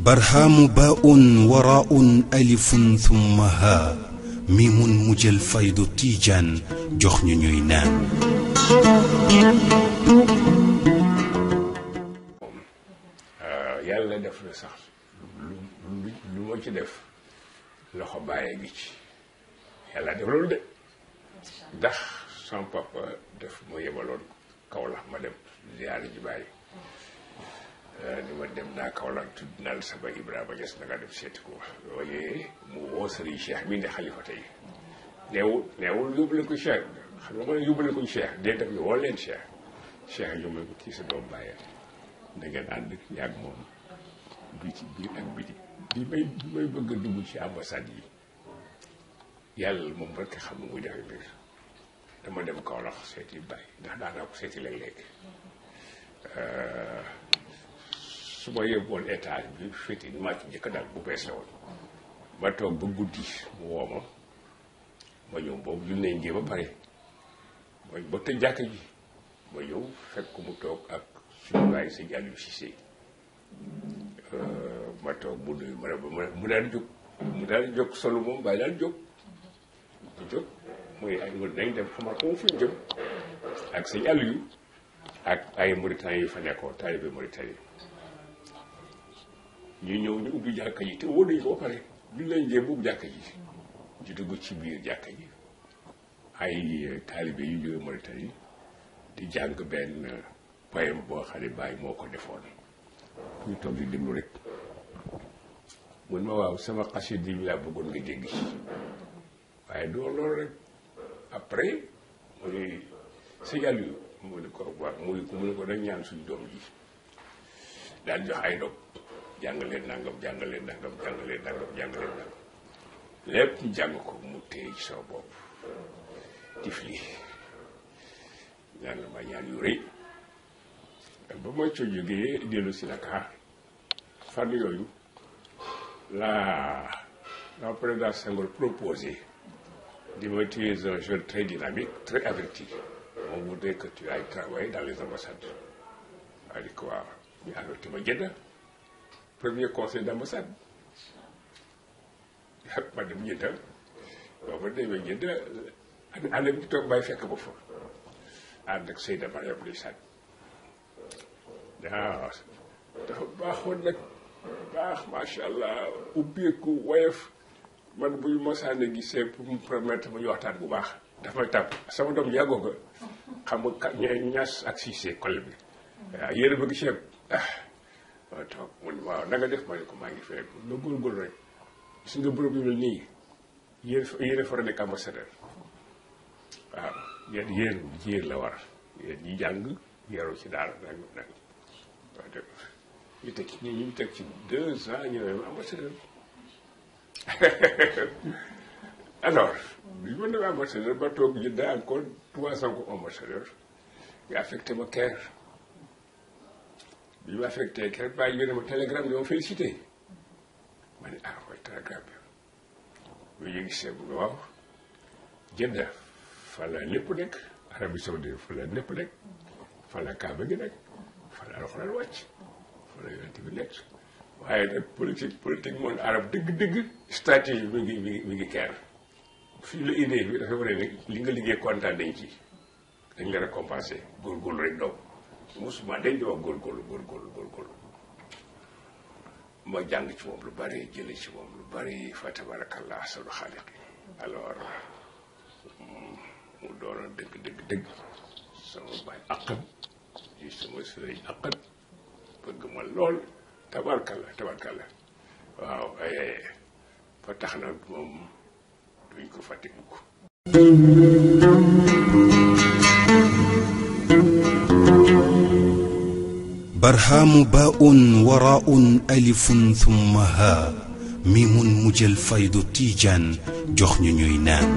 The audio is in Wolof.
barhaamu baa waraa'un alifun thumma haa miimun mujjal faydu tiijaan jox ñu ñuy naan. yàlla def na sama papa def ma yebaloon Kaolack ma dem ziyaare ji bàyyi euh, ma dem naa Kaolack tudd naa la sama Ibrahima Niass na dem seeti ko waaye mu woo Serigne Cheikh mii xalifa tey neewul neewul yóbbu ko Cheikh xam nga ma leen ko Cheikh dee def ñu woo leen Cheikh Cheikh yóbbu leen ko ci sa doom bàyyi da ànd yàgg moom du ci biir ak biti bi may bi may bëgg a dugg ci ambassade yi yàlla moom rekk xam nu muy defee mbir dama dem Kaolack seeti bàyyi ndax daan ko seeti léeg-léeg euh, su ma yóbboon étage bi féete maa ci njëkk daal bu bees la woon ma toog ba guddi mu woo ma ma boobu julli nañ ba pare ma ñëw fekk mu toog ak suñu bàyyi sëñ Aliou Cissé euh, ma toog mu nuyu ma ne mu daal jóg mu daal jóg solu moom bàyyi daal jóg di jóg mooy ay wër nañ dem xamal ko fu ñu jëm ak sëñ Aliou ak ay Mauritanie yu fa nekkoon taalibe Mauritanie ñu ñëw ñu ubbi jàkka ji te wóor nañu ko ba pare duñ leen jéem ubbi jàkka ji di dugg ci biir jàkka ji ay taalibe yu jógee yi di jàng benn poème boo xam ne moo ko defoon ñu toog di déglu rek mun ma waaw sama xasida bi laa bëggoon nga dégg waaye doo loolu rek. après mu ne sëñ Aliou mu ne ko waaw mu ne ko dañ ñaan suñu doom ji daal jox ay ndog jàngaleen nangam jàngaleen nangam jàngaleen nangam jàngaleen nangam lépp jàng ko mu téye ci bopp tifli ñaan la ma ñaan yu rëy ba ma ca jógee dellu si Dakar fan yooyu la la président Senghor proposé Tu es un jeune très dynamique, très averti. On voudrait que tu ailles travailler dans les ambassades. Allez quoi Premier conseil d'ambassade. Pas Madame Guéda, Madame Guéda, ana bi toog bàyyi fekk ba fa ànd ak Seyda Mariam ndeysaan waaw Bah, baaxoon nag baax macha allah ubbeeku woyof man bu ñu mosaan a gisee pour mu permettre ma ñu waxtaan bu baax dafa may tàpp sama doom yàggoo nga xam nga ñaas ak siisee kol bi waaw yéen a bëgg ceeb ah toog mu waaw na def ma ne ko maa ngi fee ma góorgóorlu rek gis nga bërëb yu nii yéen yéen a fara nekk ambassadeur waaw yéen yéen la war yéen jàng yaru ci daal nag nag waaw dëgg ñu teg ci ñu teg ci deux ans ñu ne ambassadeur alors bi ma demee ambassadeur ba toog Jidda encore trois ans ko ambassadeur nga affecté ma Caire bi ma affecté Caire baa ngi ma télégramme yoo félicité ma ne ah mooy télégramme bi. yooyu gisee bu waaw Jidda lépp nekk Arabie Saoudite fa nekk fa Kaaba gi nekk fa la alxuraan wàcc fa la yonent waaye nag politique politique moom arab dëgg-dëgg stratégie mi ngi mi ngi mi ngi keer fii la idée bi dafa li nga liggéey kontaan dañ ci dañ la récompensé góorgóorlu rek doom mosuma dañ di wax góorgóorlu góorgóorlu góorgóorlu ma jàng ci moom lu bari jële ci moom lu bari fa tabarakallah asadu xaaliq alors mu doonoon dëgg dëgg dëgg sama baay aqat di sama sëriñ aqat bëgg ma lool tabarkalla tabarkalla waaw eh, eh, eh. barhamu baa'un waraa'un alifun thumma haa miimun mu jël faydu tiijaan jox ñu ñuy naan